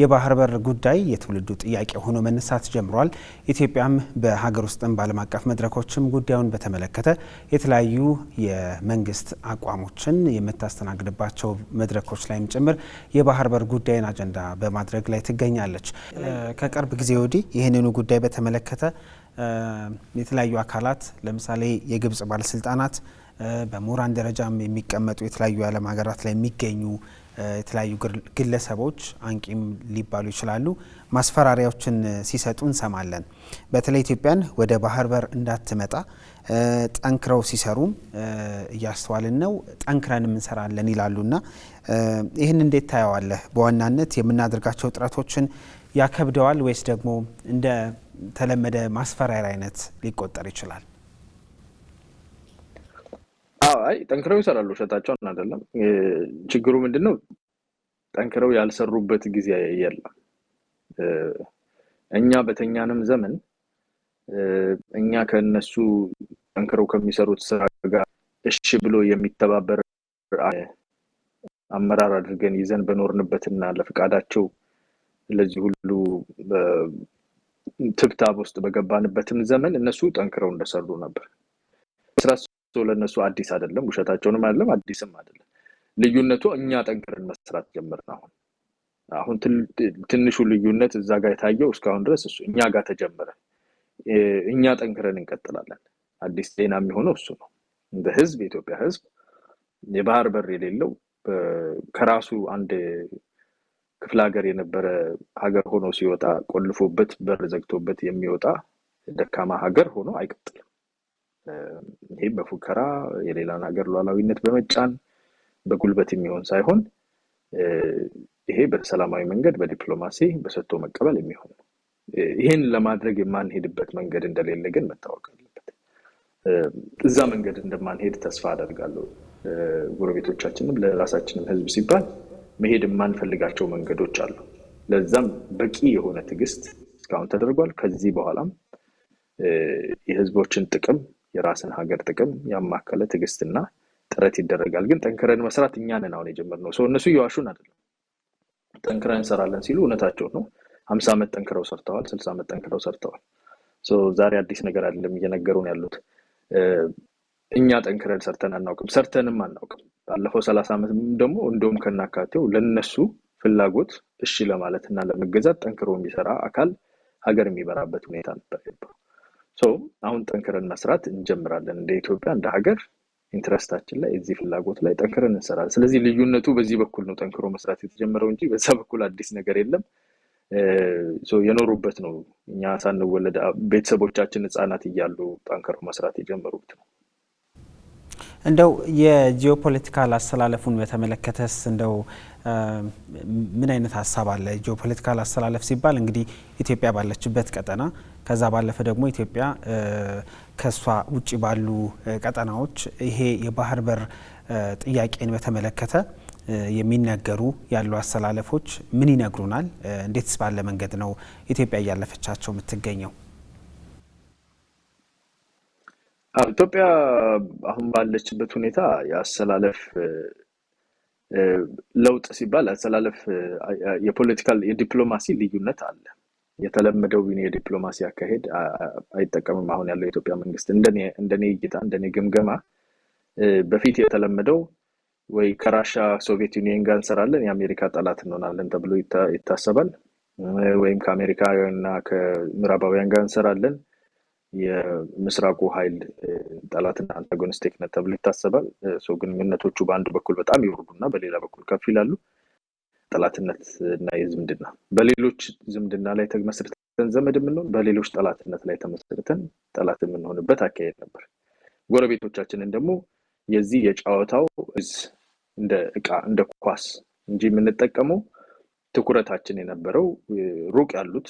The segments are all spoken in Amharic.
የባህር በር ጉዳይ የትውልዱ ጥያቄ ሆኖ መነሳት ጀምሯል። ኢትዮጵያም በሀገር ውስጥም በዓለም አቀፍ መድረኮችም ጉዳዩን በተመለከተ የተለያዩ የመንግስት አቋሞችን የምታስተናግድባቸው መድረኮች ላይም ጭምር የባህር በር ጉዳይን አጀንዳ በማድረግ ላይ ትገኛለች። ከቅርብ ጊዜ ወዲህ ይህንኑ ጉዳይ በተመለከተ የተለያዩ አካላት ለምሳሌ የግብጽ ባለስልጣናት በምሁራን ደረጃም የሚቀመጡ የተለያዩ የዓለም ሀገራት ላይ የሚገኙ የተለያዩ ግለሰቦች አንቂም ሊባሉ ይችላሉ፣ ማስፈራሪያዎችን ሲሰጡ እንሰማለን። በተለይ ኢትዮጵያን ወደ ባህር በር እንዳትመጣ ጠንክረው ሲሰሩም እያስተዋልን ነው። ጠንክረን እንሰራለን ይላሉና ይህን እንዴት ታየዋለህ? በዋናነት የምናደርጋቸው ጥረቶችን ያከብደዋል ወይስ ደግሞ እንደ ተለመደ ማስፈራሪያ አይነት ሊቆጠር ይችላል? አይ ጠንክረው ይሰራሉ። ውሸታቸውን አይደለም። ችግሩ ምንድን ነው? ጠንክረው ያልሰሩበት ጊዜ የለም። እኛ በተኛንም ዘመን እኛ ከእነሱ ጠንክረው ከሚሰሩት ስራ ጋር እሺ ብሎ የሚተባበር አመራር አድርገን ይዘን በኖርንበትና ለፍቃዳቸው ለዚህ ሁሉ ትብታብ ውስጥ በገባንበትም ዘመን እነሱ ጠንክረው እንደሰሩ ነበር። ለእነሱ አዲስ አይደለም፣ ውሸታቸውንም አይደለም፣ አዲስም አይደለም። ልዩነቱ እኛ ጠንክረን መስራት ጀምርን። አሁን አሁን ትንሹ ልዩነት እዛ ጋር የታየው እስካሁን ድረስ እሱ እኛ ጋር ተጀመረ። እኛ ጠንክረን እንቀጥላለን። አዲስ ዜና የሚሆነው እሱ ነው። እንደ ህዝብ የኢትዮጵያ ህዝብ የባህር በር የሌለው ከራሱ አንድ ክፍለ ሀገር የነበረ ሀገር ሆኖ ሲወጣ ቆልፎበት በር ዘግቶበት የሚወጣ ደካማ ሀገር ሆኖ አይቀጥልም። ይህ በፉከራ የሌላን ሀገር ሉዓላዊነት በመጫን በጉልበት የሚሆን ሳይሆን ይሄ በሰላማዊ መንገድ በዲፕሎማሲ በሰጥቶ መቀበል የሚሆን ነው። ይህን ለማድረግ የማንሄድበት መንገድ እንደሌለ ግን መታወቅ አለበት። እዛ መንገድ እንደማንሄድ ተስፋ አደርጋለሁ። ጎረቤቶቻችንም ለራሳችንም ህዝብ ሲባል መሄድ የማንፈልጋቸው መንገዶች አሉ። ለዛም በቂ የሆነ ትዕግስት እስካሁን ተደርጓል። ከዚህ በኋላም የህዝቦችን ጥቅም የራስን ሀገር ጥቅም ያማከለ ትዕግስትና ጥረት ይደረጋል። ግን ጠንክረን መስራት እኛንን አሁን የጀመርነው ሰው እነሱ እየዋሹን አይደለም። ጠንክረን እንሰራለን ሲሉ እውነታቸው ነው። ሀምሳ ዓመት ጠንክረው ሰርተዋል። ስልሳ ዓመት ጠንክረው ሰርተዋል። ዛሬ አዲስ ነገር አይደለም እየነገሩን ያሉት። እኛ ጠንክረን ሰርተን አናውቅም፣ ሰርተንም አናውቅም። ባለፈው ሰላሳ ዓመት ደግሞ እንደውም ከናካቴው ለነሱ ፍላጎት እሺ ለማለት እና ለመገዛት ጠንክሮ የሚሰራ አካል ሀገር የሚበራበት ሁኔታ ነበር። አሁን ጠንክረን መስራት እንጀምራለን። እንደ ኢትዮጵያ እንደ ሀገር ኢንትረስታችን ላይ እዚህ ፍላጎት ላይ ጠንክረን እንሰራለን። ስለዚህ ልዩነቱ በዚህ በኩል ነው ጠንክሮ መስራት የተጀመረው እንጂ በዛ በኩል አዲስ ነገር የለም። የኖሩበት ነው። እኛ ሳንወለድ ቤተሰቦቻችን ህፃናት እያሉ ጠንክሮ መስራት የጀመሩት ነው። እንደው የጂኦፖለቲካል አሰላለፉን በተመለከተስ እንደው ምን አይነት ሀሳብ አለ? ጂኦፖለቲካል አስተላለፍ ሲባል እንግዲህ ኢትዮጵያ ባለችበት ቀጠና ከዛ ባለፈ ደግሞ ኢትዮጵያ ከእሷ ውጭ ባሉ ቀጠናዎች ይሄ የባህር በር ጥያቄን በተመለከተ የሚነገሩ ያሉ አስተላለፎች ምን ይነግሩናል? እንዴትስ ባለ መንገድ ነው ኢትዮጵያ እያለፈቻቸው የምትገኘው? ኢትዮጵያ አሁን ባለችበት ሁኔታ የአስተላለፍ ለውጥ ሲባል አሰላለፍ የፖለቲካል የዲፕሎማሲ ልዩነት አለ። የተለመደውን የዲፕሎማሲ አካሄድ አይጠቀምም አሁን ያለው የኢትዮጵያ መንግስት። እንደኔ እይታ፣ እንደኔ ግምገማ በፊት የተለመደው ወይ ከራሻ ሶቪየት ዩኒየን ጋር እንሰራለን የአሜሪካ ጠላት እንሆናለን ተብሎ ይታሰባል። ወይም ከአሜሪካውያንና ከምዕራባውያን ጋር እንሰራለን የምስራቁ ኃይል ጠላትና አንታጎኒስቲክ ነ ተብሎ ይታሰባል። ግንኙነቶቹ በአንድ በኩል በጣም ይወርዱና በሌላ በኩል ከፍ ይላሉ። ጠላትነት እና የዝምድና በሌሎች ዝምድና ላይ ተመስርተን ዘመድ የምንሆን በሌሎች ጠላትነት ላይ ተመስርተን ጠላት የምንሆንበት አካሄድ ነበር። ጎረቤቶቻችንን ደግሞ የዚህ የጨዋታው እዝ እንደ እቃ እንደ ኳስ እንጂ የምንጠቀመው ትኩረታችን የነበረው ሩቅ ያሉት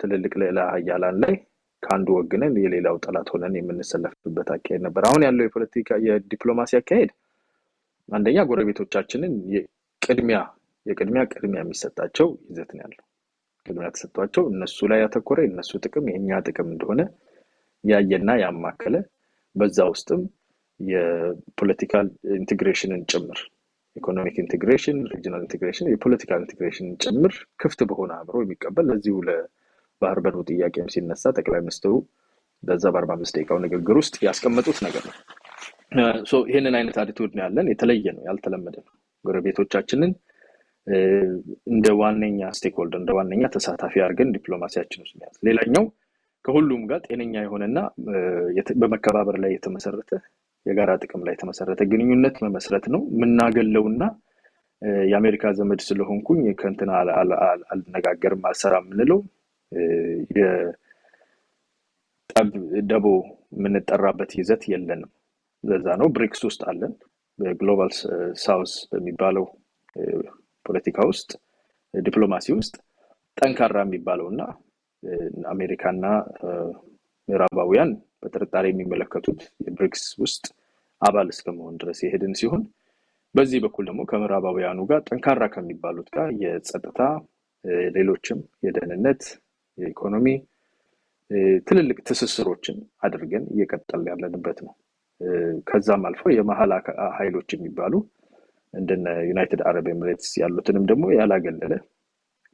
ትልልቅ ላ ሀያላን ላይ ከአንዱ ወግነን የሌላው ጠላት ሆነን የምንሰለፍበት አካሄድ ነበር። አሁን ያለው የፖለቲካ የዲፕሎማሲ አካሄድ አንደኛ ጎረቤቶቻችንን የቅድሚያ የቅድሚያ ቅድሚያ የሚሰጣቸው ይዘት ነው ያለው። ቅድሚያ ተሰጥቷቸው እነሱ ላይ ያተኮረ የእነሱ ጥቅም የእኛ ጥቅም እንደሆነ ያየና ያማከለ በዛ ውስጥም የፖለቲካል ኢንቴግሬሽንን ጭምር ኢኮኖሚክ ኢንቴግሬሽን፣ ሪጂናል ኢንቴግሬሽን፣ የፖለቲካል ኢንቴግሬሽንን ጭምር ክፍት በሆነ አእምሮ የሚቀበል ለዚሁ ባህር በሩ ጥያቄም ሲነሳ ጠቅላይ ሚኒስትሩ በዛ በአርባ አምስት ደቂቃው ንግግር ውስጥ ያስቀመጡት ነገር ነው። ይህንን አይነት አዲቱድ ነው ያለን። የተለየ ነው፣ ያልተለመደ ነው። ጎረቤቶቻችንን እንደ ዋነኛ ስቴክሆልደር እንደ ዋነኛ ተሳታፊ አድርገን ዲፕሎማሲያችን ውስጥ ያዝ። ሌላኛው ከሁሉም ጋር ጤነኛ የሆነና በመከባበር ላይ የተመሰረተ የጋራ ጥቅም ላይ የተመሰረተ ግንኙነት መመስረት ነው የምናገለውና የአሜሪካ ዘመድ ስለሆንኩኝ ከንትን አልነጋገርም አልሰራ የምንለው የጠብ ደቦ የምንጠራበት ይዘት የለንም። ለዛ ነው ብሪክስ ውስጥ አለን። በግሎባል ሳውስ በሚባለው ፖለቲካ ውስጥ ዲፕሎማሲ ውስጥ ጠንካራ የሚባለው እና አሜሪካና ምዕራባውያን በጥርጣሬ የሚመለከቱት የብሪክስ ውስጥ አባል እስከመሆን ድረስ የሄድን ሲሆን በዚህ በኩል ደግሞ ከምዕራባውያኑ ጋር ጠንካራ ከሚባሉት ጋር የጸጥታ ሌሎችም የደህንነት የኢኮኖሚ ትልልቅ ትስስሮችን አድርገን እየቀጠል ያለንበት ነው። ከዛም አልፎ የመሀል ኃይሎች የሚባሉ እንደነ ዩናይትድ አረብ ኤምሬትስ ያሉትንም ደግሞ ያላገለለ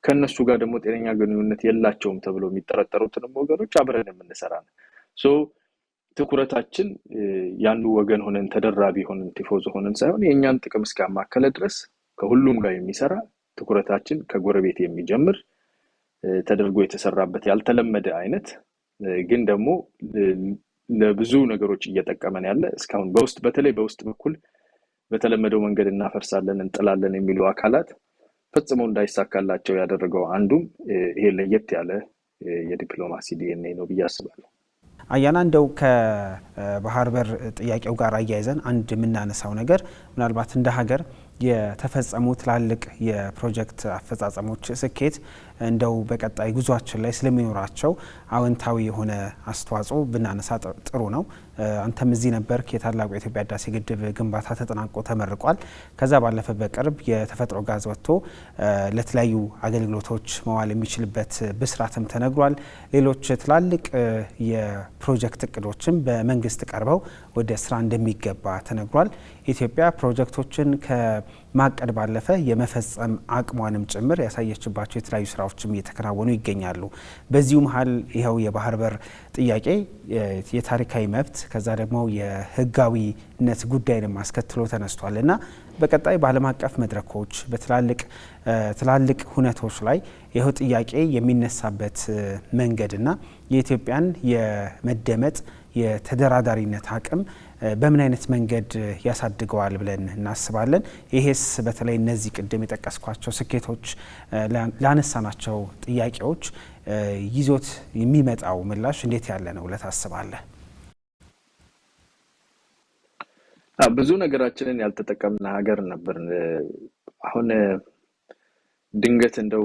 ከእነሱ ጋር ደግሞ ጤነኛ ግንኙነት የላቸውም ተብሎ የሚጠረጠሩትንም ወገኖች አብረን የምንሰራ ነው። ትኩረታችን ያንዱ ወገን ሆነን ተደራቢ ሆነን ቲፎዞ ሆነን ሳይሆን የእኛን ጥቅም እስካማከለ ድረስ ከሁሉም ጋር የሚሰራ ትኩረታችን ከጎረቤት የሚጀምር ተደርጎ የተሰራበት ያልተለመደ አይነት ግን ደግሞ ለብዙ ነገሮች እየጠቀመን ያለ እስካሁን በውስጥ በተለይ በውስጥ በኩል በተለመደው መንገድ እናፈርሳለን፣ እንጥላለን የሚሉ አካላት ፈጽሞ እንዳይሳካላቸው ያደረገው አንዱም ይሄ ለየት ያለ የዲፕሎማሲ ዲኤንኤ ነው ብዬ አስባለሁ። አያና እንደው ከባህር በር ጥያቄው ጋር አያይዘን አንድ የምናነሳው ነገር ምናልባት እንደ ሀገር የተፈጸሙ ትላልቅ የፕሮጀክት አፈጻጸሞች ስኬት እንደው በቀጣይ ጉዟችን ላይ ስለሚኖራቸው አዎንታዊ የሆነ አስተዋጽኦ ብናነሳ ጥሩ ነው። አንተም እዚህ ነበርክ። የታላቁ የኢትዮጵያ ህዳሴ ግድብ ግንባታ ተጠናቆ ተመርቋል። ከዛ ባለፈ በቅርብ የተፈጥሮ ጋዝ ወጥቶ ለተለያዩ አገልግሎቶች መዋል የሚችልበት ብስራትም ተነግሯል። ሌሎች ትላልቅ የፕሮጀክት እቅዶችም በመንግስት ቀርበው ወደ ስራ እንደሚገባ ተነግሯል። ኢትዮጵያ ፕሮጀክቶችን ከማቀድ ባለፈ የመፈጸም አቅሟንም ጭምር ያሳየችባቸው የተለያዩ ስራዎች ስራዎችም እየተከናወኑ ይገኛሉ። በዚሁ መሀል ይኸው የባህር በር ጥያቄ የታሪካዊ መብት ከዛ ደግሞ የህጋዊነት ጉዳይንም አስከትሎ ተነስቷል እና በቀጣይ በዓለም አቀፍ መድረኮች በትላልቅ ትላልቅ ሁነቶች ላይ ይኸው ጥያቄ የሚነሳበት መንገድና የኢትዮጵያን የመደመጥ የተደራዳሪነት አቅም በምን አይነት መንገድ ያሳድገዋል ብለን እናስባለን? ይሄስ በተለይ እነዚህ ቅድም የጠቀስኳቸው ስኬቶች ላነሳናቸው ጥያቄዎች ይዞት የሚመጣው ምላሽ እንዴት ያለ ነው ብለህ ታስባለህ? ብዙ ነገራችንን ያልተጠቀምን ሀገር ነበር። አሁን ድንገት እንደው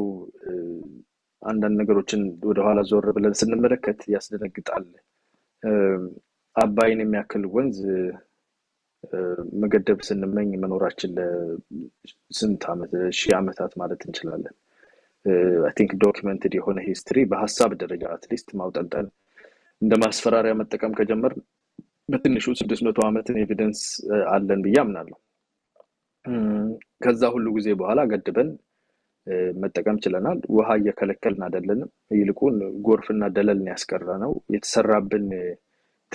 አንዳንድ ነገሮችን ወደኋላ ዞር ብለን ስንመለከት ያስደነግጣል። አባይን የሚያክል ወንዝ መገደብ ስንመኝ መኖራችን ለስንት ዓመት ሺህ ዓመታት ማለት እንችላለን። አይ ቲንክ የሆነ ሂስትሪ በሀሳብ ደረጃ አትሊስት ማውጠንጠን እንደ ማስፈራሪያ መጠቀም ከጀመር በትንሹ ስድስት መቶ ዓመትን ኤቪደንስ አለን ብዬ አምናለሁ። ከዛ ሁሉ ጊዜ በኋላ ገድበን መጠቀም ችለናል። ውሃ እየከለከልን አይደለንም። ይልቁን ጎርፍና ደለልን ያስቀረ ነው የተሰራብን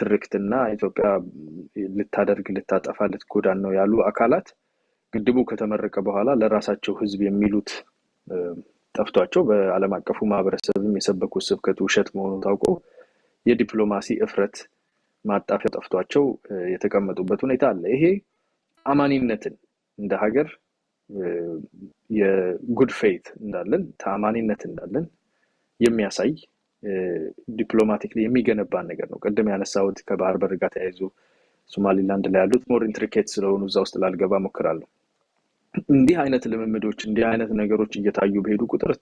ትርክትና ኢትዮጵያ ልታደርግ ልታጠፋ ልትጎዳን ነው ያሉ አካላት ግድቡ ከተመረቀ በኋላ ለራሳቸው ህዝብ የሚሉት ጠፍቷቸው በዓለም አቀፉ ማህበረሰብም የሰበኩት ስብከት ውሸት መሆኑ ታውቆ የዲፕሎማሲ እፍረት ማጣፊያ ጠፍቷቸው የተቀመጡበት ሁኔታ አለ። ይሄ አማኒነትን እንደ ሀገር የጉድ ፌይት እንዳለን ተአማኒነት እንዳለን የሚያሳይ ዲፕሎማቲክ የሚገነባን ነገር ነው። ቅድም ያነሳውት ከባህር በር ጋር ተያይዞ ሶማሊላንድ ላይ ያሉት ሞር ኢንትሪኬት ስለሆኑ እዛ ውስጥ ላልገባ ሞክራለሁ። እንዲህ አይነት ልምምዶች፣ እንዲህ አይነት ነገሮች እየታዩ በሄዱ ቁጥር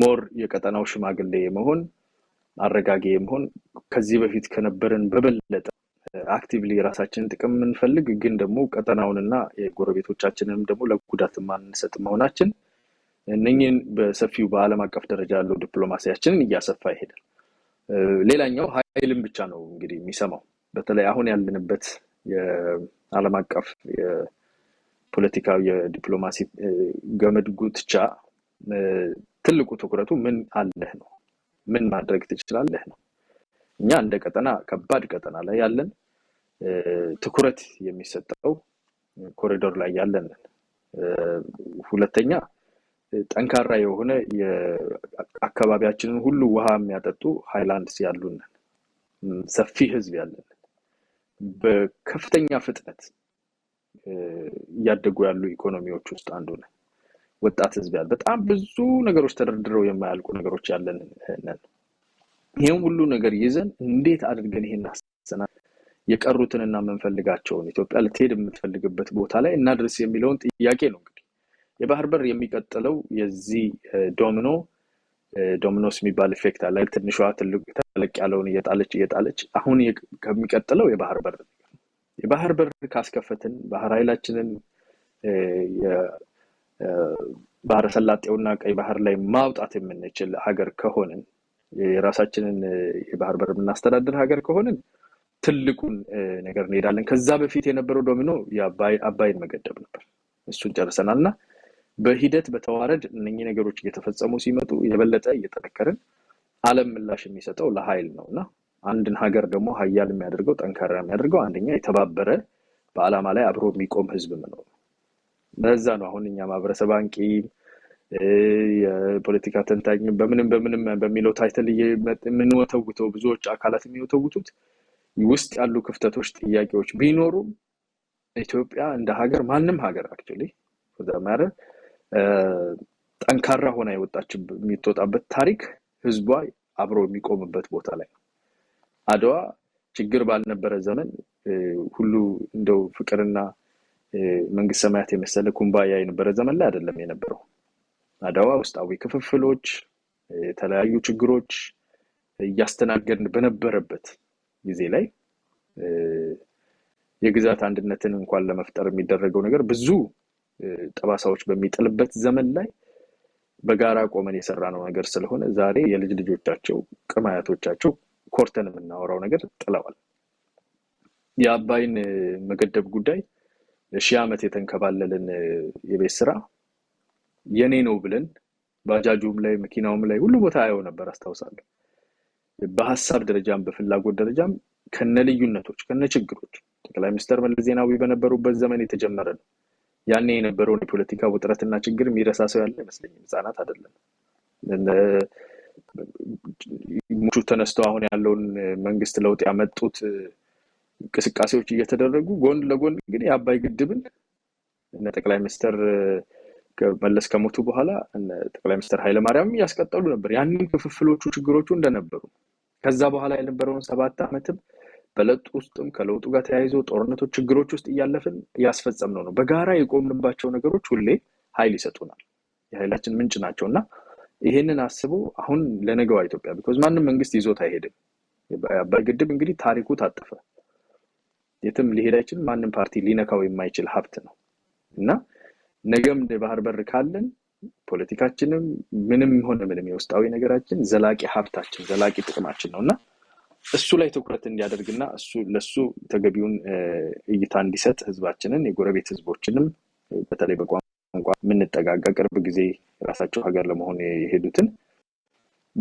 ሞር የቀጠናው ሽማግሌ መሆን አረጋጊ መሆን ከዚህ በፊት ከነበረን በበለጠ አክቲቭሊ የራሳችንን ጥቅም የምንፈልግ ግን ደግሞ ቀጠናውንና የጎረቤቶቻችንንም ደግሞ ለጉዳት ማንሰጥ መሆናችን እነኝን በሰፊው በአለም አቀፍ ደረጃ ያለው ዲፕሎማሲያችንን እያሰፋ ይሄዳል። ሌላኛው ሀይልን ብቻ ነው እንግዲህ የሚሰማው በተለይ አሁን ያለንበት የአለም አቀፍ የፖለቲካዊ የዲፕሎማሲ ገመድ ጉትቻ ትልቁ ትኩረቱ ምን አለህ ነው፣ ምን ማድረግ ትችላለህ ነው። እኛ እንደ ቀጠና ከባድ ቀጠና ላይ ያለን ትኩረት የሚሰጠው ኮሪዶር ላይ ያለንን ሁለተኛ ጠንካራ የሆነ አካባቢያችንን ሁሉ ውሃ የሚያጠጡ ሃይላንድስ ያሉን ሰፊ ህዝብ ያለን በከፍተኛ ፍጥነት እያደጉ ያሉ ኢኮኖሚዎች ውስጥ አንዱ ነን። ወጣት ህዝብ ያለ በጣም ብዙ ነገሮች ተደርድረው የማያልቁ ነገሮች ያለን ነን። ይህም ሁሉ ነገር ይዘን እንዴት አድርገን ይሄን አሰና የቀሩትንና የምንፈልጋቸውን ኢትዮጵያ ልትሄድ የምትፈልግበት ቦታ ላይ እናድርስ የሚለውን ጥያቄ ነው የባህር በር የሚቀጥለው የዚህ ዶሚኖ ዶሚኖስ የሚባል ኢፌክት አለ። ትንሿ ትልቅ ያለውን እየጣለች እየጣለች አሁን ከሚቀጥለው የባህር በር የባህር በር ካስከፈትን ባህር ኃይላችንን ባህረ ሰላጤውና ቀይ ባህር ላይ ማውጣት የምንችል ሀገር ከሆንን የራሳችንን የባህር በር የምናስተዳድር ሀገር ከሆንን ትልቁን ነገር እንሄዳለን። ከዛ በፊት የነበረው ዶሚኖ የአባይን መገደብ ነበር። እሱን ጨርሰናል እና በሂደት በተዋረድ እነኚህ ነገሮች እየተፈጸሙ ሲመጡ የበለጠ እየጠነከርን አለም ምላሽ የሚሰጠው ለሀይል ነው እና አንድን ሀገር ደግሞ ሀያል የሚያደርገው ጠንካራ የሚያደርገው አንደኛ የተባበረ በአላማ ላይ አብሮ የሚቆም ህዝብ ነው። ለዛ ነው አሁን እኛ ማህበረሰብ አንቂ የፖለቲካ ተንታኝ በምንም በምንም በሚለው ታይትል የምንወተውተው ብዙዎች አካላት የሚወተውቱት ውስጥ ያሉ ክፍተቶች፣ ጥያቄዎች ቢኖሩም ኢትዮጵያ እንደ ሀገር ማንም ሀገር አክቹዋሊ ጠንካራ ሆና የወጣች የሚትወጣበት ታሪክ ህዝቧ አብሮ የሚቆምበት ቦታ ላይ ነው። አድዋ ችግር ባልነበረ ዘመን ሁሉ እንደው ፍቅርና መንግስት ሰማያት የመሰለ ኩምባያ የነበረ ዘመን ላይ አይደለም የነበረው። አድዋ ውስጣዊ ክፍፍሎች፣ የተለያዩ ችግሮች እያስተናገድን በነበረበት ጊዜ ላይ የግዛት አንድነትን እንኳን ለመፍጠር የሚደረገው ነገር ብዙ ጠባሳዎች በሚጥልበት ዘመን ላይ በጋራ ቆመን የሰራነው ነገር ስለሆነ ዛሬ የልጅ ልጆቻቸው ቅማያቶቻቸው ኮርተን የምናወራው ነገር ጥለዋል። የአባይን መገደብ ጉዳይ ሺህ ዓመት የተንከባለልን የቤት ስራ የኔ ነው ብለን ባጃጁም ላይ መኪናውም ላይ ሁሉ ቦታ አየው ነበር አስታውሳለሁ። በሀሳብ ደረጃም በፍላጎት ደረጃም ከነ ልዩነቶች ከነ ችግሮች ጠቅላይ ሚኒስተር መለስ ዜናዊ በነበሩበት ዘመን የተጀመረ ነው። ያኔ የነበረውን የፖለቲካ ውጥረትና ችግር የሚረሳ ሰው ያለ አይመስለኝም። ህጻናት አደለም ሙቹ ተነስቶ አሁን ያለውን መንግስት ለውጥ ያመጡት እንቅስቃሴዎች እየተደረጉ ጎን ለጎን ግን የአባይ ግድብን እነ ጠቅላይ ሚኒስትር መለስ ከሞቱ በኋላ ጠቅላይ ሚኒስትር ኃይለማርያም እያስቀጠሉ ነበር። ያንን ክፍፍሎቹ ችግሮቹ እንደነበሩ ከዛ በኋላ የነበረውን ሰባት ዓመትም በለጥ ውስጥም ከለውጡ ጋር ተያይዞ ጦርነቶች፣ ችግሮች ውስጥ እያለፍን እያስፈጸምነው ነው። በጋራ የቆምንባቸው ነገሮች ሁሌ ኃይል ይሰጡናል፣ የኃይላችን ምንጭ ናቸው እና ይህንን አስቦ አሁን ለነገዋ ኢትዮጵያ ቢኮዝ ማንም መንግስት ይዞት አይሄድም። በግድብ ግድብ እንግዲህ ታሪኩ ታጠፈ፣ የትም ሊሄድ አይችልም። ማንም ፓርቲ ሊነካው የማይችል ሀብት ነው እና ነገም የባህር በር ካለን ፖለቲካችንም ምንም የሆነ ምንም የውስጣዊ ነገራችን ዘላቂ ሀብታችን ዘላቂ ጥቅማችን ነው እና እሱ ላይ ትኩረት እንዲያደርግና እሱ ለሱ ተገቢውን እይታ እንዲሰጥ ህዝባችንን የጎረቤት ህዝቦችንም በተለይ በቋንቋ የምንጠጋጋ ቅርብ ጊዜ ራሳቸው ሀገር ለመሆን የሄዱትን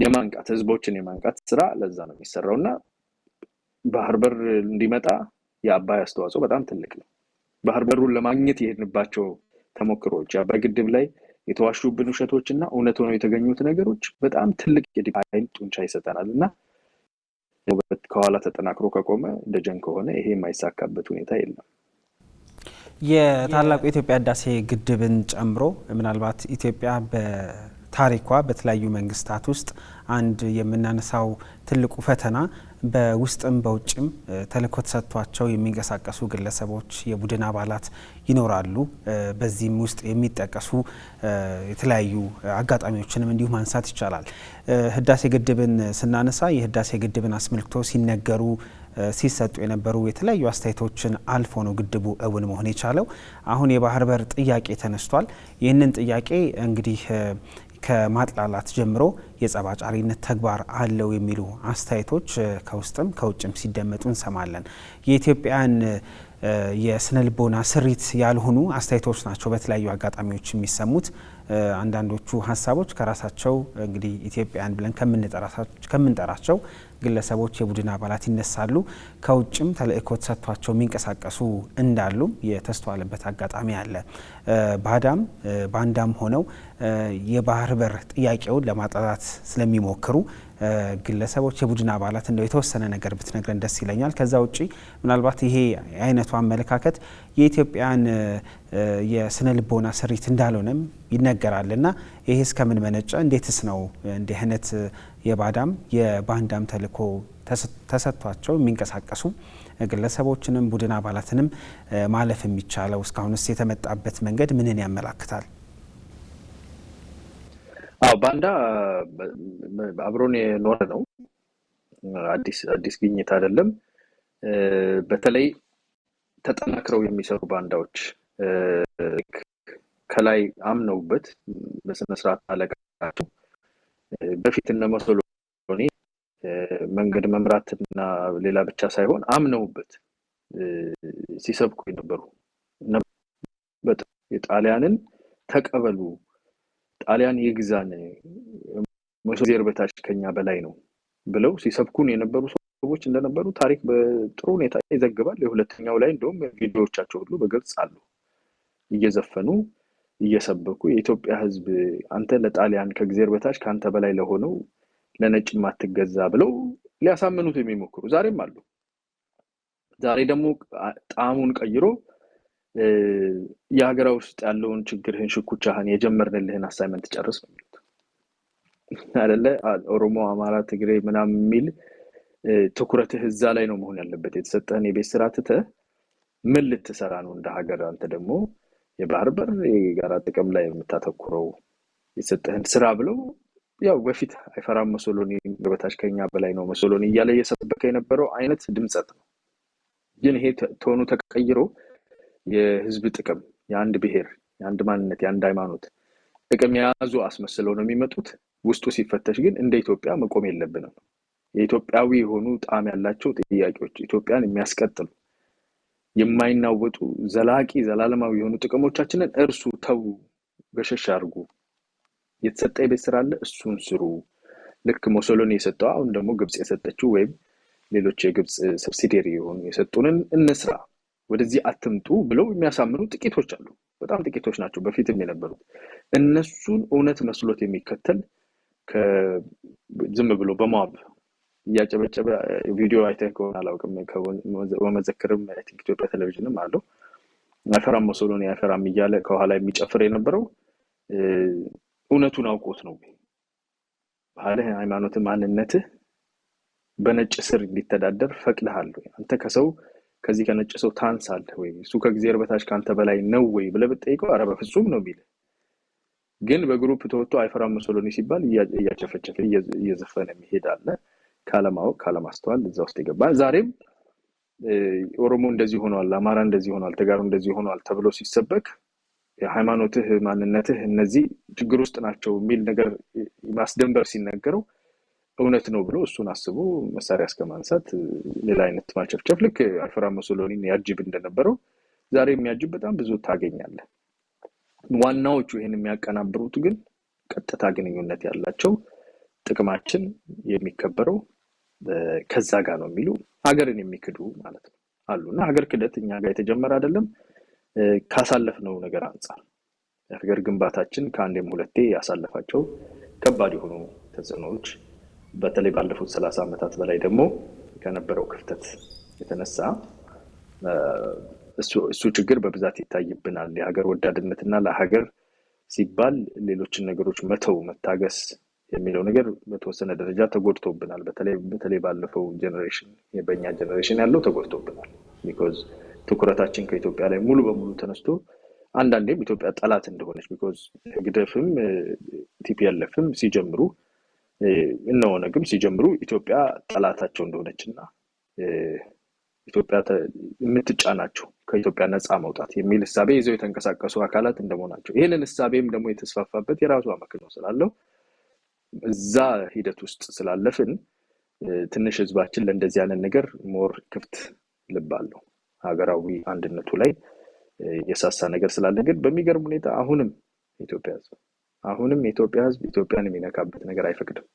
የማንቃት ህዝቦችን የማንቃት ስራ ለዛ ነው የሚሰራው እና ባህር በር እንዲመጣ የአባይ አስተዋጽኦ በጣም ትልቅ ነው። ባህር በሩን ለማግኘት የሄድንባቸው ተሞክሮዎች የአባይ ግድብ ላይ የተዋሹብን ውሸቶች እና እውነት ሆነው የተገኙት ነገሮች በጣም ትልቅ የዲፋይን ጡንቻ ይሰጠናል እና ከኋላ ተጠናክሮ ከቆመ ደጀን ከሆነ ይሄ የማይሳካበት ሁኔታ የለም። የታላቁ የኢትዮጵያ ህዳሴ ግድብን ጨምሮ ምናልባት ኢትዮጵያ በታሪኳ በተለያዩ መንግስታት ውስጥ አንድ የምናነሳው ትልቁ ፈተና በውስጥም በውጭም ተልእኮ ተሰጥቷቸው የሚንቀሳቀሱ ግለሰቦች፣ የቡድን አባላት ይኖራሉ። በዚህም ውስጥ የሚጠቀሱ የተለያዩ አጋጣሚዎችንም እንዲሁ ማንሳት ይቻላል። ህዳሴ ግድብን ስናነሳ የህዳሴ ግድብን አስመልክቶ ሲነገሩ ሲሰጡ የነበሩ የተለያዩ አስተያየቶችን አልፎ ነው ግድቡ እውን መሆን የቻለው። አሁን የባህር በር ጥያቄ ተነስቷል። ይህንን ጥያቄ እንግዲህ ከማጥላላት ጀምሮ የጸባጫሪነት ተግባር አለው የሚሉ አስተያየቶች ከውስጥም ከውጭም ሲደመጡ እንሰማለን። የኢትዮጵያን የስነ ልቦና ስሪት ያልሆኑ አስተያየቶች ናቸው በተለያዩ አጋጣሚዎች የሚሰሙት። አንዳንዶቹ ሀሳቦች ከራሳቸው እንግዲህ ኢትዮጵያን ብለን ከምንጠራቸው ግለሰቦች፣ የቡድን አባላት ይነሳሉ። ከውጭም ተልእኮ ተሰጥቷቸው የሚንቀሳቀሱ እንዳሉ የተስተዋለበት አጋጣሚ አለ። ባዳም ባንዳም ሆነው የባህር በር ጥያቄውን ለማጣጣት ስለሚሞክሩ ግለሰቦች፣ የቡድን አባላት እንደው የተወሰነ ነገር ብትነግረን ደስ ይለኛል። ከዛ ውጪ ምናልባት ይሄ አይነቱ አመለካከት የኢትዮጵያን የስነ ልቦና ስሪት እንዳልሆነም ይነገራል እና ይሄ እስከምን መነጨ? እንዴትስ ነው እንዲህ አይነት የባዳም የባንዳም ተልእኮ ተሰጥቷቸው የሚንቀሳቀሱ ግለሰቦችንም ቡድን አባላትንም ማለፍ የሚቻለው? እስካሁንስ የተመጣበት መንገድ ምንን ያመላክታል? አዎ ባንዳ አብሮን የኖረ ነው። አዲስ ግኝት አይደለም። በተለይ ተጠናክረው የሚሰሩ ባንዳዎች ከላይ አምነውበት በስነስርዓት አለቃቸው በፊት እነ መሰሎኔ መንገድ መምራት እና ሌላ ብቻ ሳይሆን አምነውበት ሲሰብኩ የነበሩ የጣሊያንን ተቀበሉ ጣሊያን የግዛን መሶዜር በታች ከኛ በላይ ነው ብለው ሲሰብኩን የነበሩ ሰዎች እንደነበሩ ታሪክ በጥሩ ሁኔታ ይዘግባል። የሁለተኛው ላይ እንደውም ቪዲዮዎቻቸው ሁሉ በግልጽ አሉ። እየዘፈኑ እየሰበኩ የኢትዮጵያ ሕዝብ አንተ ለጣሊያን ከእግዜር በታች ከአንተ በላይ ለሆነው ለነጭ ማትገዛ ብለው ሊያሳምኑት የሚሞክሩ ዛሬም አሉ። ዛሬ ደግሞ ጣዕሙን ቀይሮ የሀገራ ውስጥ ያለውን ችግርህን ሽኩቻህን የጀመርንልህን አሳይመንት ጨርስ ነው የሚሉት ኦሮሞ፣ አማራ፣ ትግሬ ምናምን የሚል ትኩረትህ እዛ ላይ ነው መሆን ያለበት። የተሰጠህን የቤት ስራ ትተ ምን ልትሰራ ነው እንደ ሀገር? አንተ ደግሞ የባህር በር የጋራ ጥቅም ላይ የምታተኩረው የሰጠህን ስራ ብለው ያው በፊት አይፈራም መሶሎኒ በታች ከኛ በላይ ነው መሶሎኒ እያለ እየሰበከ የነበረው አይነት ድምፀት ነው። ግን ይሄ ተሆኑ ተቀይሮ የህዝብ ጥቅም፣ የአንድ ብሔር፣ የአንድ ማንነት፣ የአንድ ሃይማኖት ጥቅም የያዙ አስመስለው ነው የሚመጡት። ውስጡ ሲፈተሽ ግን እንደ ኢትዮጵያ መቆም የለብንም። የኢትዮጵያዊ የሆኑ ጣዕም ያላቸው ጥያቄዎች ኢትዮጵያን የሚያስቀጥሉ የማይናወጡ ዘላቂ ዘላለማዊ የሆኑ ጥቅሞቻችንን እርሱ ተዉ፣ ገሸሽ አድርጉ። የተሰጠ የቤት ስራ አለ፣ እሱን ስሩ። ልክ ሞሶሎኒ የሰጠው አሁን ደግሞ ግብፅ የሰጠችው ወይም ሌሎች የግብፅ ሰብሲዴሪ የሆኑ የሰጡንን እንስራ። ወደዚህ አትምጡ ብለው የሚያሳምኑ ጥቂቶች አሉ። በጣም ጥቂቶች ናቸው በፊትም የነበሩት። እነሱን እውነት መስሎት የሚከተል ዝም ብሎ በማብ እያጨበጨበ ቪዲዮ አይተህ ከሆነ አላውቅም፣ በመዘክርም ኢትዮጵያ ቴሌቪዥንም አለው አይፈራም ሞሶሎኒ አይፈራም እያለ ከኋላ የሚጨፍር የነበረው እውነቱን አውቆት ነው። ባህልህ፣ ሃይማኖትህ፣ ማንነትህ በነጭ ስር እንዲተዳደር ፈቅድሃል። አንተ ከሰው ከዚህ ከነጭ ሰው ታንሳለህ ወይ? እሱ ከእግዚአብሔር በታች ከአንተ በላይ ነው ወይ ብለህ ብትጠይቀው ኧረ በፍጹም ነው ቢል ግን በግሩፕ ተወጥቶ አይፈራም ሙሶሎኒ ሲባል እያጨፈጨፈ እየዘፈነ መሄድ አለ። ካለማወቅ ካለማስተዋል እዛ ውስጥ ይገባል ዛሬም ኦሮሞ እንደዚህ ሆኗል፣ አማራ እንደዚህ ሆኗል፣ ተጋሩ እንደዚህ ሆኗል ተብሎ ሲሰበክ ሃይማኖትህ፣ ማንነትህ እነዚህ ችግር ውስጥ ናቸው የሚል ነገር ማስደንበር ሲነገረው እውነት ነው ብሎ እሱን አስቦ መሳሪያ እስከ ማንሳት ሌላ አይነት ማጨፍጨፍ ልክ አልፈራ መሶሎኒን ያጅብ እንደነበረው ዛሬ የሚያጅብ በጣም ብዙ ታገኛለ። ዋናዎቹ ይህን የሚያቀናብሩት ግን ቀጥታ ግንኙነት ያላቸው ጥቅማችን የሚከበረው ከዛ ጋር ነው የሚሉ ሀገርን የሚክዱ ማለት ነው አሉ እና ሀገር ክደት እኛ ጋር የተጀመረ አይደለም። ካሳለፍነው ነገር አንጻር የሀገር ግንባታችን ከአንድም ሁለቴ ያሳለፋቸው ከባድ የሆኑ ተጽዕኖዎች በተለይ ባለፉት ሰላሳ ዓመታት በላይ ደግሞ ከነበረው ክፍተት የተነሳ እሱ ችግር በብዛት ይታይብናል። የሀገር ወዳድነትና ለሀገር ሲባል ሌሎችን ነገሮች መተው መታገስ የሚለው ነገር በተወሰነ ደረጃ ተጎድቶብናል። በተለይ ባለፈው ጀኔሬሽን በእኛ ጀኔሬሽን ያለው ተጎድቶብናል። ቢኮዝ ትኩረታችን ከኢትዮጵያ ላይ ሙሉ በሙሉ ተነስቶ አንዳንዴም ኢትዮጵያ ጠላት እንደሆነች ቢኮዝ ህግደፍም ቲፒኤልኤፍም ሲጀምሩ እነ ኦነግም ሲጀምሩ ኢትዮጵያ ጠላታቸው እንደሆነች እና ኢትዮጵያ የምትጫናቸው ከኢትዮጵያ ነፃ መውጣት የሚል እሳቤ ይዘው የተንቀሳቀሱ አካላት እንደመሆናቸው ይህንን እሳቤም ደግሞ የተስፋፋበት የራሱ አመክኖ ስላለው እዛ ሂደት ውስጥ ስላለፍን ትንሽ ህዝባችን ለእንደዚህ አይነት ነገር ሞር ክፍት ልብ አለው። ሀገራዊ አንድነቱ ላይ የሳሳ ነገር ስላለ ግን በሚገርም ሁኔታ አሁንም ኢትዮጵያ ህዝብ አሁንም የኢትዮጵያ ህዝብ ኢትዮጵያን የሚነካበት ነገር አይፈቅድም።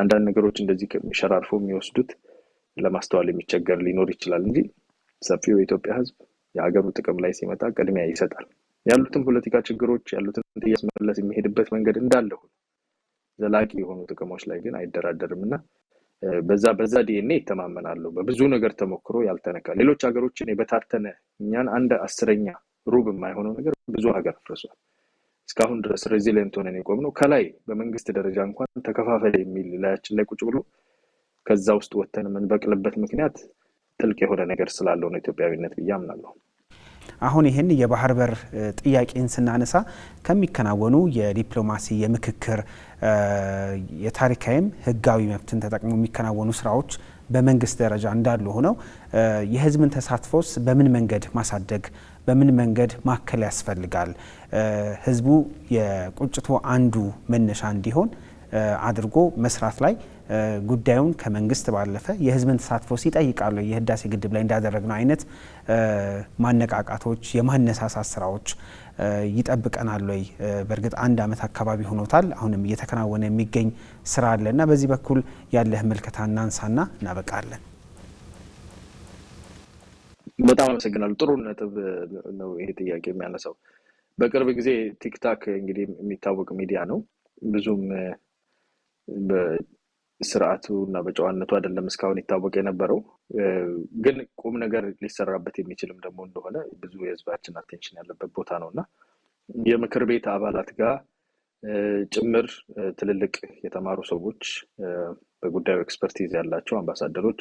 አንዳንድ ነገሮች እንደዚህ ሸራርፎ የሚወስዱት ለማስተዋል የሚቸገር ሊኖር ይችላል እንጂ ሰፊው የኢትዮጵያ ህዝብ የሀገሩ ጥቅም ላይ ሲመጣ ቅድሚያ ይሰጣል። ያሉትን ፖለቲካ ችግሮች ያሉትን ጥያቄ መለስ የሚሄድበት መንገድ እንዳለ ሆኖ ዘላቂ የሆኑ ጥቅሞች ላይ ግን አይደራደርም እና በዛ በዛ ዲኤንኤ ይተማመናለሁ። በብዙ ነገር ተሞክሮ ያልተነካ ሌሎች ሀገሮችን የበታተነ እኛን አንድ አስረኛ ሩብ የማይሆነው ነገር ብዙ ሀገር ፍርሷል። እስካሁን ድረስ ሬዚሊየንት ሆነን የቆምነው ከላይ በመንግስት ደረጃ እንኳን ተከፋፈለ የሚል ላያችን ላይ ቁጭ ብሎ ከዛ ውስጥ ወተን የምንበቅልበት ምክንያት ጥልቅ የሆነ ነገር ስላለው ነው ኢትዮጵያዊነት ብዬ አምናለሁ። አሁን ይህን የባህር በር ጥያቄን ስናነሳ ከሚከናወኑ የዲፕሎማሲ የምክክር የታሪካዊም ህጋዊ መብትን ተጠቅሞ የሚከናወኑ ስራዎች በመንግስት ደረጃ እንዳሉ ሆነው የህዝብን ተሳትፎስ በምን መንገድ ማሳደግ በምን መንገድ ማከል ያስፈልጋል፣ ህዝቡ የቁጭቱ አንዱ መነሻ እንዲሆን አድርጎ መስራት ላይ ጉዳዩን ከመንግስት ባለፈ የህዝብን ተሳትፎ ሲጠይቃሉ የህዳሴ ግድብ ላይ እንዳደረግነው አይነት ማነቃቃቶች፣ የማነሳሳት ስራዎች ይጠብቀናል ወይ? በእርግጥ አንድ አመት አካባቢ ሆኖታል። አሁንም እየተከናወነ የሚገኝ ስራ አለ እና በዚህ በኩል ያለህ ምልከታ እናንሳና እናበቃለን። በጣም አመሰግናለሁ። ጥሩ ነጥብ ነው ይሄ ጥያቄ የሚያነሳው። በቅርብ ጊዜ ቲክታክ እንግዲህ የሚታወቅ ሚዲያ ነው። ብዙም በስርዓቱ እና በጨዋነቱ አይደለም እስካሁን ይታወቅ የነበረው፣ ግን ቁም ነገር ሊሰራበት የሚችልም ደግሞ እንደሆነ ብዙ የህዝባችን አቴንሽን ያለበት ቦታ ነው እና የምክር ቤት አባላት ጋር ጭምር ትልልቅ የተማሩ ሰዎች፣ በጉዳዩ ኤክስፐርቲዝ ያላቸው አምባሳደሮች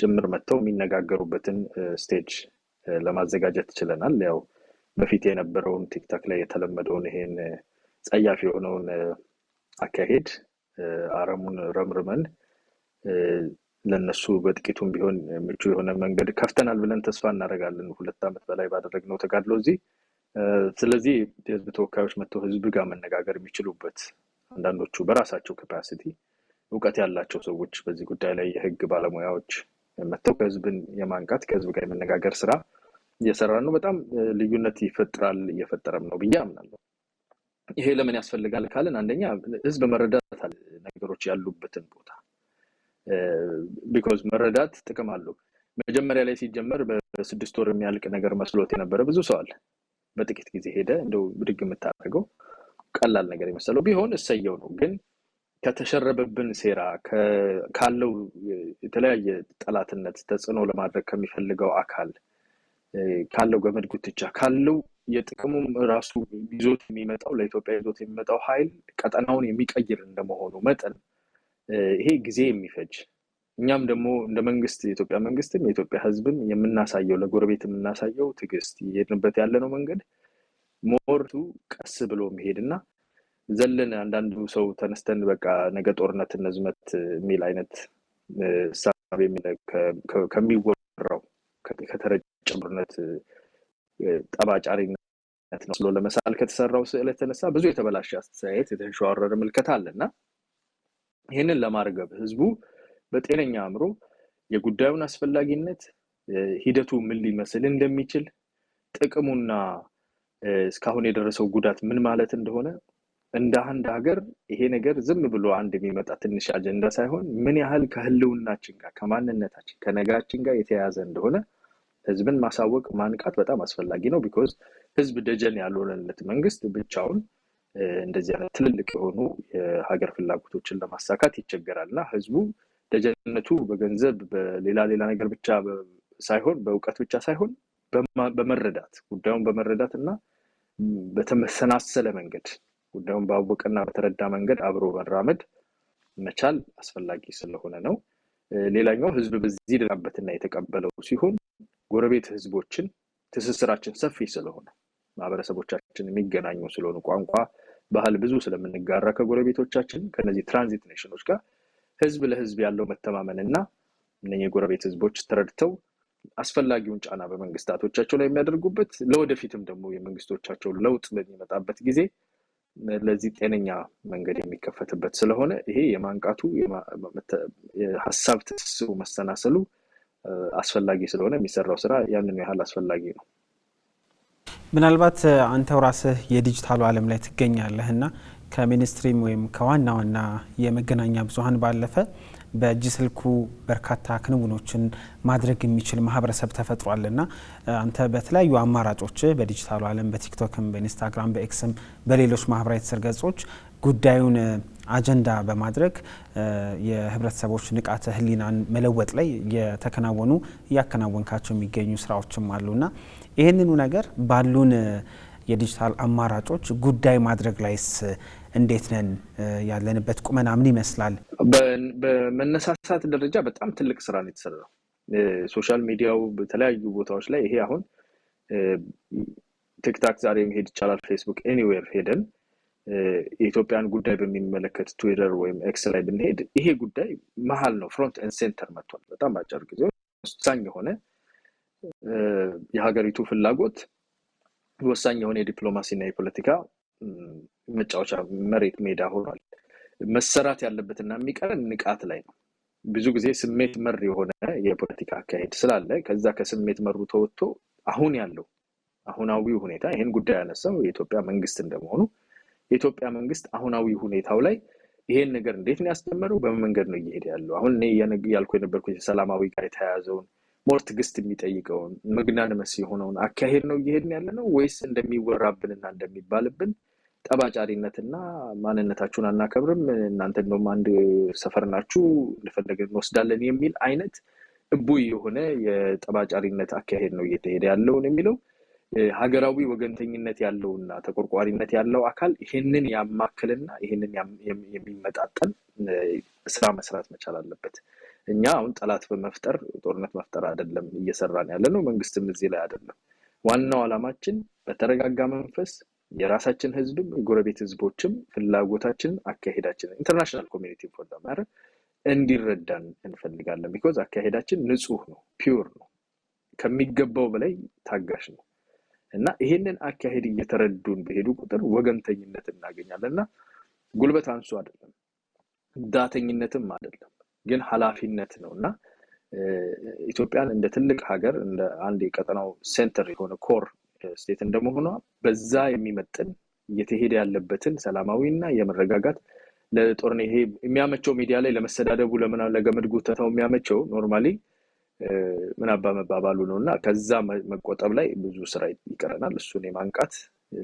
ጭምር መጥተው የሚነጋገሩበትን ስቴጅ ለማዘጋጀት ችለናል። ያው በፊት የነበረውን ቲክታክ ላይ የተለመደውን ይሄን ጸያፍ የሆነውን አካሄድ አረሙን ረምርመን ለነሱ በጥቂቱም ቢሆን ምቹ የሆነ መንገድ ከፍተናል ብለን ተስፋ እናደርጋለን። ሁለት ዓመት በላይ ባደረግነው ተጋድሎ እዚህ ስለዚህ የህዝብ ተወካዮች መጥተው ህዝብ ጋር መነጋገር የሚችሉበት አንዳንዶቹ በራሳቸው ካፓሲቲ እውቀት ያላቸው ሰዎች በዚህ ጉዳይ ላይ የህግ ባለሙያዎች መጥተው ከህዝብን የማንቃት ከህዝብ ጋር የመነጋገር ስራ እየሰራ ነው። በጣም ልዩነት ይፈጥራል እየፈጠረም ነው ብዬ አምናለሁ። ይሄ ለምን ያስፈልጋል ካልን አንደኛ ህዝብ መረዳት አለ ነገሮች ያሉበትን ቦታ ቢኮዝ መረዳት ጥቅም አለው። መጀመሪያ ላይ ሲጀመር በስድስት ወር የሚያልቅ ነገር መስሎት የነበረ ብዙ ሰው አለ። በጥቂት ጊዜ ሄደ እንደው ብድግ የምታደርገው ቀላል ነገር የመሰለው ቢሆን እሰየው ነው። ግን ከተሸረበብን ሴራ ካለው የተለያየ ጠላትነት ተጽዕኖ ለማድረግ ከሚፈልገው አካል ካለው ገመድ ጉትቻ ካለው የጥቅሙም ራሱ ይዞት የሚመጣው ለኢትዮጵያ ይዞት የሚመጣው ኃይል ቀጠናውን የሚቀይር እንደመሆኑ መጠን ይሄ ጊዜ የሚፈጅ እኛም ደግሞ እንደ መንግስት የኢትዮጵያ መንግስትም የኢትዮጵያ ህዝብም የምናሳየው ለጎረቤት የምናሳየው ትግስት እየሄድንበት ያለነው መንገድ ሞርቱ ቀስ ብሎ መሄድና ዘለን አንዳንዱ ሰው ተነስተን በቃ ነገ ጦርነት እነዝመት የሚል አይነት ሳብ ከሚወራው ከተረጨምርነት ጠባጫሪነት ነው ስሎ ለመሳል ከተሰራው ስዕል የተነሳ ብዙ የተበላሸ አስተያየት፣ የተሸዋረረ ምልከት አለ እና ይህንን ለማርገብ ህዝቡ በጤነኛ አእምሮ የጉዳዩን አስፈላጊነት ሂደቱ ምን ሊመስል እንደሚችል ጥቅሙና እስካሁን የደረሰው ጉዳት ምን ማለት እንደሆነ እንደ አንድ ሀገር ይሄ ነገር ዝም ብሎ አንድ የሚመጣ ትንሽ አጀንዳ ሳይሆን ምን ያህል ከህልውናችን ጋር ከማንነታችን ከነጋችን ጋር የተያያዘ እንደሆነ ህዝብን ማሳወቅ ማንቃት በጣም አስፈላጊ ነው። ቢኮዝ ህዝብ ደጀን ያልሆነለት መንግስት ብቻውን እንደዚህ አይነት ትልልቅ የሆኑ የሀገር ፍላጎቶችን ለማሳካት ይቸገራል እና ህዝቡ ደጀንነቱ በገንዘብ በሌላ ሌላ ነገር ብቻ ሳይሆን በእውቀት ብቻ ሳይሆን በመረዳት ጉዳዩን በመረዳት እና በተመሰናሰለ መንገድ ጉዳዩን ባወቀና በተረዳ መንገድ አብሮ መራመድ መቻል አስፈላጊ ስለሆነ ነው። ሌላኛው ህዝብ በዚህ ድናበትና የተቀበለው ሲሆን ጎረቤት ህዝቦችን ትስስራችን ሰፊ ስለሆነ ማህበረሰቦቻችን የሚገናኙ ስለሆኑ ቋንቋ፣ ባህል ብዙ ስለምንጋራ ከጎረቤቶቻችን ከነዚህ ትራንዚት ኔሽኖች ጋር ህዝብ ለህዝብ ያለው መተማመን እና እነ የጎረቤት ህዝቦች ተረድተው አስፈላጊውን ጫና በመንግስታቶቻቸው ላይ የሚያደርጉበት ለወደፊትም ደግሞ የመንግስቶቻቸው ለውጥ በሚመጣበት ጊዜ ለዚህ ጤነኛ መንገድ የሚከፈትበት ስለሆነ ይሄ የማንቃቱ ሀሳብ ትስስሩ መሰናሰሉ አስፈላጊ ስለሆነ የሚሰራው ስራ ያንን ያህል አስፈላጊ ነው። ምናልባት አንተው ራስህ የዲጂታሉ ዓለም ላይ ትገኛለህ እና ከሚኒስትሪም ወይም ከዋና ዋና የመገናኛ ብዙኃን ባለፈ በእጅ ስልኩ በርካታ ክንውኖችን ማድረግ የሚችል ማህበረሰብ ና አንተ በተለያዩ አማራጮች በዲጂታሉ ዓለም በቲክቶክም፣ በኢንስታግራም፣ በኤክስም በሌሎች ማህበራዊ ትስስር ገጾች ጉዳዩን አጀንዳ በማድረግ የህብረተሰቦች ንቃተ ህሊናን መለወጥ ላይ የተከናወኑ እያከናወንካቸው የሚገኙ ስራዎችም አሉና ይህንኑ ነገር ባሉን የዲጂታል አማራጮች ጉዳይ ማድረግ ላይስ እንዴት ነን ያለንበት ቁመና ምን ይመስላል? በመነሳሳት ደረጃ በጣም ትልቅ ስራ ነው የተሰራው። ሶሻል ሚዲያው በተለያዩ ቦታዎች ላይ ይሄ አሁን ቲክታክ ዛሬ መሄድ ይቻላል፣ ፌስቡክ ኤኒዌር ሄደን የኢትዮጵያን ጉዳይ በሚመለከት ትዊተር ወይም ኤክስ ላይ ብንሄድ ይሄ ጉዳይ መሀል ነው፣ ፍሮንት ኤንድ ሴንተር መጥቷል። በጣም አጭር ጊዜ ወሳኝ የሆነ የሀገሪቱ ፍላጎት፣ ወሳኝ የሆነ የዲፕሎማሲ እና የፖለቲካ መጫወቻ መሬት ሜዳ ሆኗል። መሰራት ያለበትና የሚቀረን ንቃት ላይ ነው። ብዙ ጊዜ ስሜት መር የሆነ የፖለቲካ አካሄድ ስላለ ከዛ ከስሜት መሩ ተወጥቶ አሁን ያለው አሁናዊ ሁኔታ ይህን ጉዳይ ያነሳው የኢትዮጵያ መንግስት እንደመሆኑ የኢትዮጵያ መንግስት አሁናዊ ሁኔታው ላይ ይሄን ነገር እንዴት ነው ያስጀመረው? በምን መንገድ ነው እየሄደ ያለው? አሁን እኔ ያልኩ የነበርኩት የሰላማዊ ጋር የተያያዘውን ሞር ትዕግስት የሚጠይቀውን መግናንመስ የሆነውን አካሄድ ነው እየሄድን ያለ ነው ወይስ እንደሚወራብንና እንደሚባልብን ጠባጫሪነትና ማንነታችሁን አናከብርም፣ እናንተ እንደውም አንድ ሰፈር ናችሁ እንደፈለገ እንወስዳለን የሚል አይነት እቡይ የሆነ የጠባጫሪነት አካሄድ ነው እየተሄደ ያለውን የሚለው ሀገራዊ ወገንተኝነት ያለውና ተቆርቋሪነት ያለው አካል ይህንን ያማክልና ይህንን የሚመጣጠን ስራ መስራት መቻል አለበት። እኛ አሁን ጠላት በመፍጠር ጦርነት መፍጠር አይደለም እየሰራን ያለ ነው። መንግስትም እዚህ ላይ አይደለም። ዋናው አላማችን በተረጋጋ መንፈስ የራሳችን ህዝብም የጎረቤት ህዝቦችም ፍላጎታችንን፣ አካሄዳችንን ኢንተርናሽናል ኮሚኒቲ ፎር እንዲረዳን እንፈልጋለን። ቢኮዝ አካሄዳችን ንጹህ ነው፣ ፒውር ነው፣ ከሚገባው በላይ ታጋሽ ነው እና ይሄንን አካሄድ እየተረዱን በሄዱ ቁጥር ወገንተኝነት እናገኛለን እና ጉልበት አንሱ አይደለም፣ ዳተኝነትም አይደለም፣ ግን ኃላፊነት ነው እና ኢትዮጵያን እንደ ትልቅ ሀገር እንደ አንድ የቀጠናው ሴንተር የሆነ ኮር ስቴት እንደመሆኗ በዛ የሚመጥን እየተሄደ ያለበትን ሰላማዊ እና የመረጋጋት ለጦርነ ይሄ የሚያመቸው ሚዲያ ላይ ለመሰዳደቡ ለምና ለገመድ ጉተታው የሚያመቸው ኖርማሊ ምናባ መባባሉ ነው እና ከዛ መቆጠብ ላይ ብዙ ስራ ይቀረናል። እሱን የማንቃት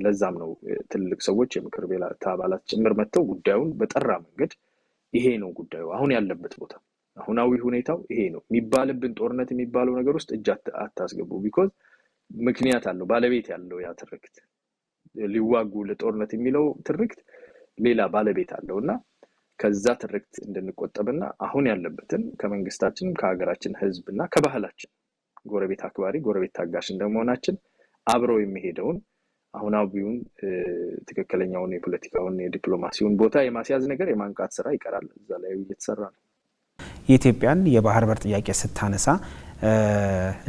ለዛም ነው ትልልቅ ሰዎች የምክር ቤት አባላት ጭምር መጥተው ጉዳዩን በጠራ መንገድ ይሄ ነው ጉዳዩ አሁን ያለበት ቦታ አሁናዊ ሁኔታው ይሄ ነው የሚባልብን ጦርነት የሚባለው ነገር ውስጥ እጅ አታስገቡ ቢኮዝ ምክንያት አለው፣ ባለቤት ያለው ያ ትርክት። ሊዋጉ ለጦርነት የሚለው ትርክት ሌላ ባለቤት አለው እና ከዛ ትርክት እንድንቆጠብና አሁን ያለበትን ከመንግስታችን ከሀገራችን ህዝብ እና ከባህላችን ጎረቤት አክባሪ ጎረቤት ታጋሽ እንደመሆናችን አብረው የሚሄደውን አሁናዊውን ትክክለኛውን የፖለቲካውን የዲፕሎማሲውን ቦታ የማስያዝ ነገር የማንቃት ስራ ይቀራል። እዛ ላይ እየተሰራ ነው። የኢትዮጵያን የባህር በር ጥያቄ ስታነሳ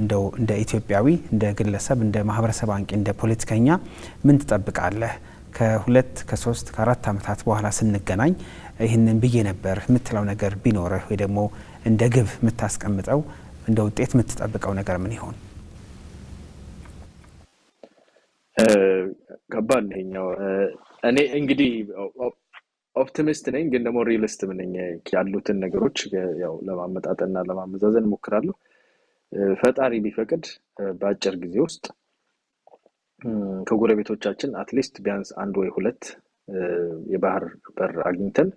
እንደው እንደ ኢትዮጵያዊ እንደ ግለሰብ እንደ ማህበረሰብ አንቂ እንደ ፖለቲከኛ ምን ትጠብቃለህ? ከሁለት ከሶስት ከአራት ዓመታት በኋላ ስንገናኝ ይህንን ብዬ ነበር የምትለው ነገር ቢኖርህ ወይ ደግሞ እንደ ግብ የምታስቀምጠው እንደ ውጤት የምትጠብቀው ነገር ምን ይሆን? ገባል። ይኸኛው እኔ እንግዲህ ኦፕቲሚስት ነኝ፣ ግን ደግሞ ሪሊስት ነኝ። ያሉትን ነገሮች ያው ለማመጣጠንና ለማመዛዘን እሞክራለሁ። ፈጣሪ ቢፈቅድ በአጭር ጊዜ ውስጥ ከጎረቤቶቻችን አትሊስት ቢያንስ አንድ ወይ ሁለት የባህር በር አግኝተን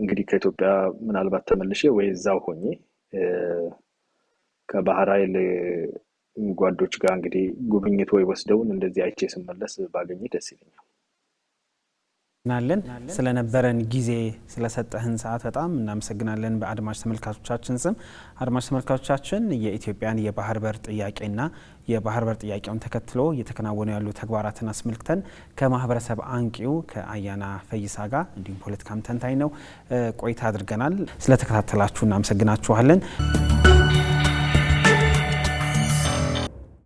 እንግዲህ ከኢትዮጵያ ምናልባት ተመልሼ ወይ እዛው ሆኜ ከባህር ኃይል ጓዶች ጋር እንግዲህ ጉብኝት ወይ ወስደውን እንደዚህ አይቼ ስመለስ ባገኘ ደስ ይለኛል። እናለን ስለነበረን ጊዜ ስለሰጠህን ሰዓት በጣም እናመሰግናለን። በአድማጭ ተመልካቾቻችን ስም አድማጭ ተመልካቾቻችን የኢትዮጵያን የባህር በር ጥያቄና የባህር በር ጥያቄውን ተከትሎ እየተከናወኑ ያሉ ተግባራትን አስመልክተን ከማህበረሰብ አንቂው ከአያና ፈይሳ ጋር እንዲሁም ፖለቲካም ተንታኝ ነው ቆይታ አድርገናል። ስለተከታተላችሁ እናመሰግናችኋለን።